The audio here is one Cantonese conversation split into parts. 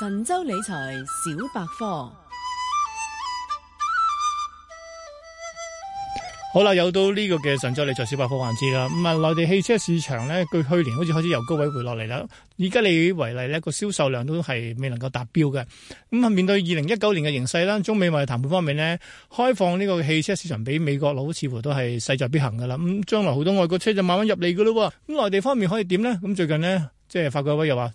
神州理財小百科好啦，有到呢個嘅神州理財小百科環節啦。咁啊，內地汽車市場呢，據去年好似開始由高位回落嚟啦。而家以吉利為例，呢個銷售量都係未能夠達標嘅。咁啊，面對二零一九年嘅形勢啦，中美貿易談判方面呢，開放呢個汽車市場俾美國佬，似乎都係勢在必行噶啦。咁將來好多外國車就慢慢入嚟噶咯。咁內地方面可以點呢？咁最近呢，即係發改委又話。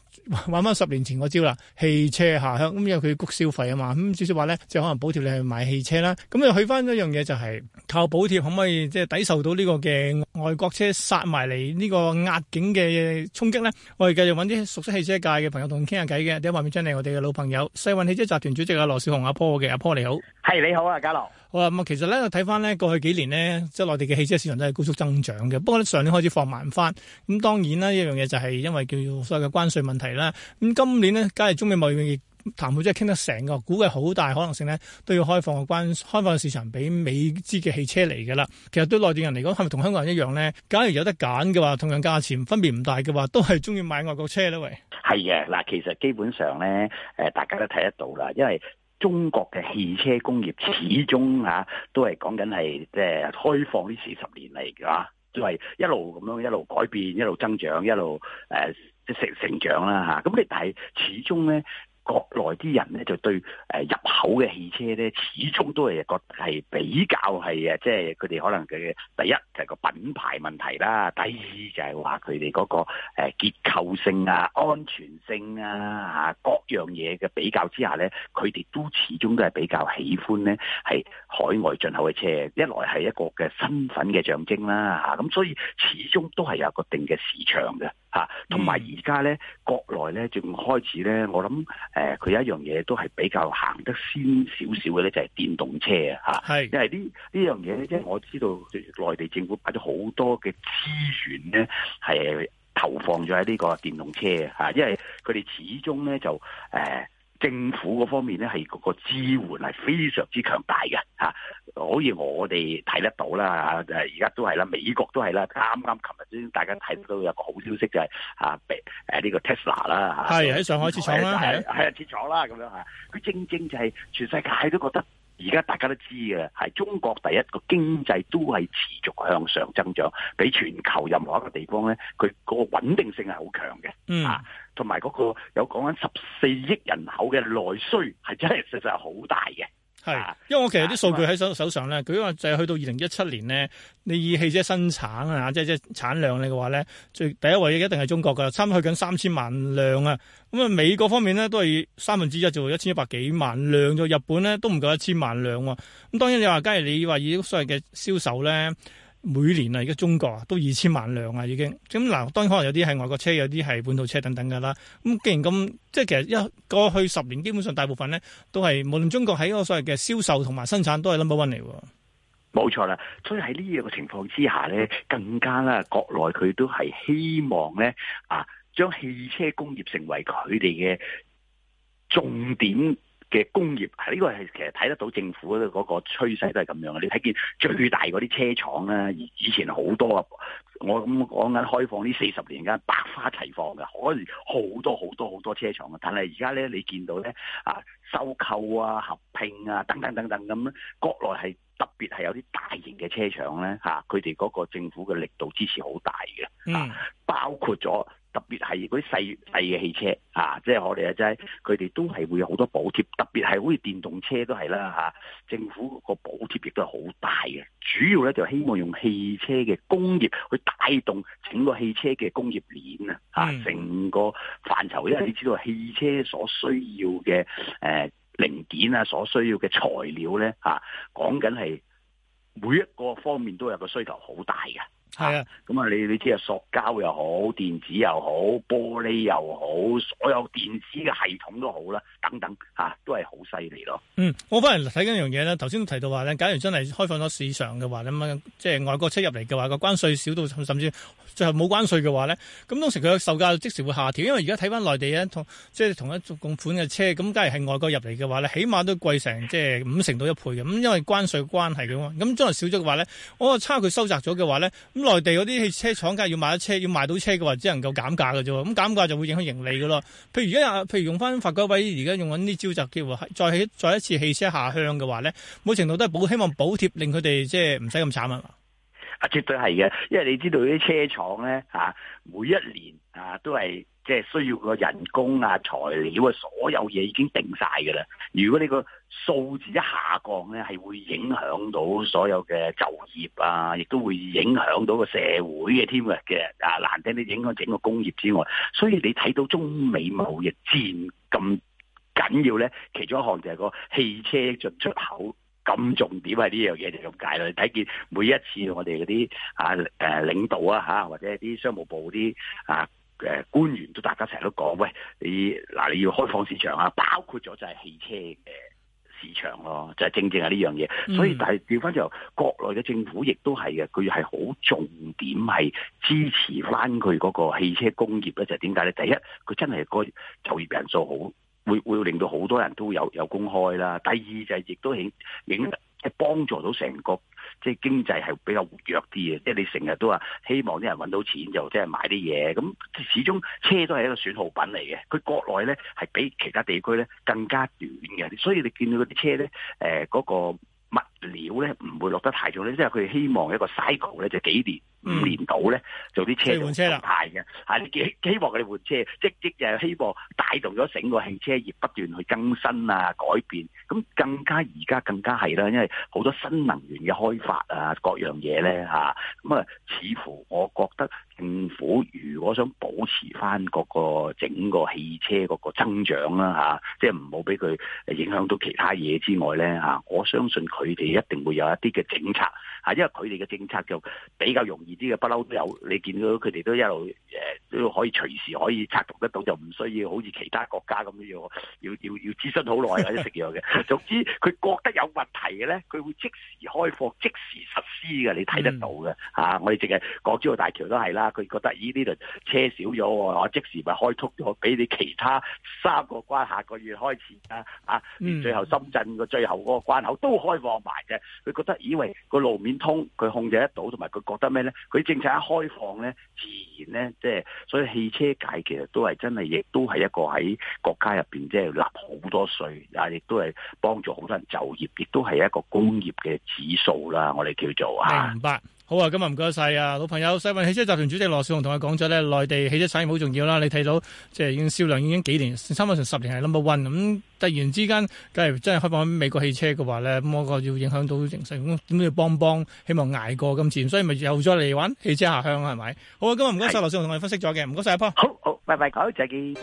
玩翻十年前嗰招啦，汽車下鄉，咁因為佢要谷消費啊嘛，咁少少話咧，即係可能補貼你去買汽車啦。咁、嗯、又去翻一樣嘢就係、是、靠補貼可唔可以即係、就是、抵受到呢個嘅外國車殺埋嚟呢個壓境嘅衝擊咧？我哋繼續揾啲熟悉汽車界嘅朋友同佢傾下偈嘅。第一畫面出嚟，我哋嘅老朋友世運汽車集團主席阿羅少雄阿波嘅，阿波你好，係你好啊，嘉樂。好啊，咁、嗯、其實咧睇翻咧過去幾年呢，即係內地嘅汽車市場都係高速增長嘅，不過咧上年開始放慢翻。咁、嗯、當然啦，一樣嘢就係因為叫做所謂嘅關稅問題。係啦，咁今年呢，假如中美貿易談判即係傾得成個，估計好大可能性咧，都要開放個關，開放個市場俾美資嘅汽車嚟噶啦。其實對內地人嚟講，係咪同香港人一樣咧？假如有得揀嘅話，同樣價錢分別唔大嘅話，都係中意買外國車咧。喂，係嘅，嗱，其實基本上咧，誒，大家都睇得到啦，因為中國嘅汽車工業始終啊都係講緊係即係開放呢四十年嚟嘅話，都係一路咁樣一路改變，一路增長，一路、啊即成成長啦嚇，咁你但係始終咧，國內啲人咧就對、呃、入口嘅汽車咧，始終都係覺得係比較係呃、即係佢哋可能嘅第一就係個品牌問題啦，第二就係話佢哋嗰個結構性啊、安全性啊嚇各樣嘢嘅比較之下咧，佢哋都始終都係比較喜歡咧，係海外進口嘅車，一來係一個嘅身份嘅象徵啦嚇，咁所以始終都係有一個定嘅市場嘅。同埋而家咧，國內咧，仲開始咧，我諗誒，佢、呃、有一樣嘢都係比較行得先少少嘅咧，就係、係、電動車啊嚇。係是，因為呢呢樣嘢咧，即係我知道內地政府擺咗好多嘅資源咧，係投放咗喺呢個電動車嚇、啊，因為佢哋始終咧就誒。呃政府嗰方面咧，係個個支援係非常之強大嘅嚇，可以我哋睇得到啦嚇，而家都係啦，美國都係啦，啱啱琴日先大家睇到有個好消息就係嚇，誒呢個 Tesla 啦嚇，係喺上海設廠啦，係啊的的，設廠啦咁樣嚇，佢正正就係全世界都覺得。而家大家都知嘅，係中國第一個經濟都係持續向上增長，比全球任何一個地方咧，佢個穩定性係好強嘅，嗯、啊，同埋嗰個有講緊十四億人口嘅內需是真的，係真係實在係好大嘅。係，是因為我其實啲數據喺手手上咧，佢因為就係去到二零一七年咧，你以汽車生產啊，即係即係產量嚟嘅話咧，最第一位一定係中國㗎，差唔多去緊三千萬輛啊。咁啊，美國方面咧都係三分之一做一千一百幾萬輛咗，日本咧都唔夠一千萬輛喎。咁當然你話，假如你話以所謂嘅銷售咧。每年啊，而家中國啊都二千萬輛啊，已經，咁嗱，當然可能有啲係外國車，有啲係本土車等等噶啦。咁既然咁，即係其實一過去十年基本上大部分咧都係無論中國喺個所謂嘅銷售同埋生產都係 number one 嚟喎。冇錯啦，所以喺呢樣嘅情況之下咧，更加啦，國內佢都係希望咧啊，將汽車工業成為佢哋嘅重點。嘅工業，呢個係其實睇得到政府嗰個趨勢都係咁樣嘅，你睇見最大嗰啲車廠咧，以前好多啊，我咁講緊開放呢四十年間百花齊放嘅，可好多好多好多，多車廠嘅，但係而家咧，你見到咧啊，收購啊合併啊等等等等咁，國內係。特別係有啲大型嘅車廠咧，嚇佢哋嗰個政府嘅力度支持好大嘅，嚇、啊、包括咗特別係嗰啲細細嘅汽車，嚇、啊、即係我哋啊真係佢哋都係會有好多補貼，特別係好似電動車都係啦，嚇、啊、政府個補貼亦都係好大嘅。主要咧就希望用汽車嘅工業去帶動整個汽車嘅工業鏈啊，嚇成個範疇，因為你知道汽車所需要嘅誒。啊零件啊，所需要嘅材料咧，吓講緊係每一個方面都有個需求好大嘅，係啊，咁啊，你你知啊，塑膠又好，電子又好，玻璃又好，所有電子嘅系統都好啦，等等，吓，啊，都係。犀利咯！嗯，我反嚟睇緊一樣嘢啦。頭先提到話咧，假如真係開放咗市場嘅話，咁即係外國車入嚟嘅話，個關稅少到甚至最後就冇關稅嘅話咧，咁當時佢嘅售價即時會下調，因為而家睇翻內地咧，即係同一種款嘅車，咁假如係外國入嚟嘅話咧，起碼都貴成即係五成到一倍嘅，咁因為關稅關係嘅嘛。咁將來少咗嘅話咧，我差距收窄咗嘅話咧，咁內地嗰啲汽車廠家要賣車要賣到車嘅話，只能夠減價嘅啫。咁減價就會影響盈利嘅咯。譬如而家，譬如用翻發改委而家用緊啲招集，機會再起再一次汽車下鄉嘅話咧，某程度都係保希望補貼令佢哋即係唔使咁慘啊！啊，絕對係嘅，因為你知道啲車廠咧嚇、啊，每一年啊都係即係需要個人工啊、材料啊，所有嘢已經定晒㗎喇。如果你個數字一下降咧，係會影響到所有嘅就業啊，亦都會影響到個社會嘅添嘅嘅啊，難聽啲影響整個工業之外，所以你睇到中美貿易戰咁。緊要咧，其中一項就係個汽車進出口咁重點啊。呢樣嘢就咁解啦。你睇見每一次我哋嗰啲啊誒領導啊吓，或者啲商務部嗰啲啊誒官員都大家成日都講喂，你嗱，你要開放市場啊，包括咗就係汽車嘅市場咯，就係正正係呢樣嘢。所以但係調翻就國內嘅政府亦都係嘅，佢係好重點係支持翻佢嗰個汽車工業咧。就點解咧？第一，佢真係個就業人數好。會會令到好多人都有有公開啦。第二就係亦都影影即係幫助到成個即係經濟係比較活躍啲嘅。即係你成日都話希望啲人搵到錢就即係買啲嘢。咁始終車都係一個損耗品嚟嘅。佢國內咧係比其他地區咧更加短嘅。所以你見到嗰啲車咧，誒、呃、嗰、嗰個物料咧唔會落得太重咧，即係佢希望一個 cycle 咧就幾年。五年度咧做啲車換車嘅，嚇希希望佢哋換車，即係即係希望帶動咗整個汽車業不斷去更新啊、改變，咁更加而家更加係啦，因為好多新能源嘅開發啊，各樣嘢咧吓，咁啊，似乎我覺得政府如果想保持翻嗰個整個汽車嗰個增長啦吓、啊，即係唔好俾佢影響到其他嘢之外咧吓、啊，我相信佢哋一定會有一啲嘅政策吓、啊，因為佢哋嘅政策就比較容易。啲嘅不嬲都有，你見到佢哋都一路誒，都可以隨時可以查讀得到，就唔需要好似其他國家咁樣要要要要諮詢好耐或者食藥嘅。總之佢覺得有問題嘅咧，佢會即時開放、即時實施嘅，你睇得到嘅嚇、mm. 啊。我哋淨係港珠澳大橋都係啦，佢覺得咦呢度車少咗，我即時咪開通咗，俾你其他三個關下個月開始啊，啊，最後深圳個最後嗰個關口都開放埋嘅。佢覺得以為個路面通，佢控制得到，同埋佢覺得咩咧？佢政策一開放咧，自然咧，即係所以汽車界其實都係真係，亦都係一個喺國家入面，即係立好多稅啊，亦都係幫助好多人就業，亦都係一個工業嘅指數啦。我哋叫做啊。明白。好啊，今日唔該晒啊，老朋友，世運汽車集團主席羅少雄同我講咗咧，內地汽車產業好重要啦。你睇到即係已經銷量已經幾年，差唔多成十年係 number one，咁突然之間假如真係開放美國汽車嘅話咧，咁我個要影響到形勢，咁點都要幫幫，希望捱過今次，所以咪又再嚟玩汽車下鄉係咪？好啊，今日唔該晒羅少雄同我哋分析咗嘅，唔該晒阿波，好好，拜拜，好再見。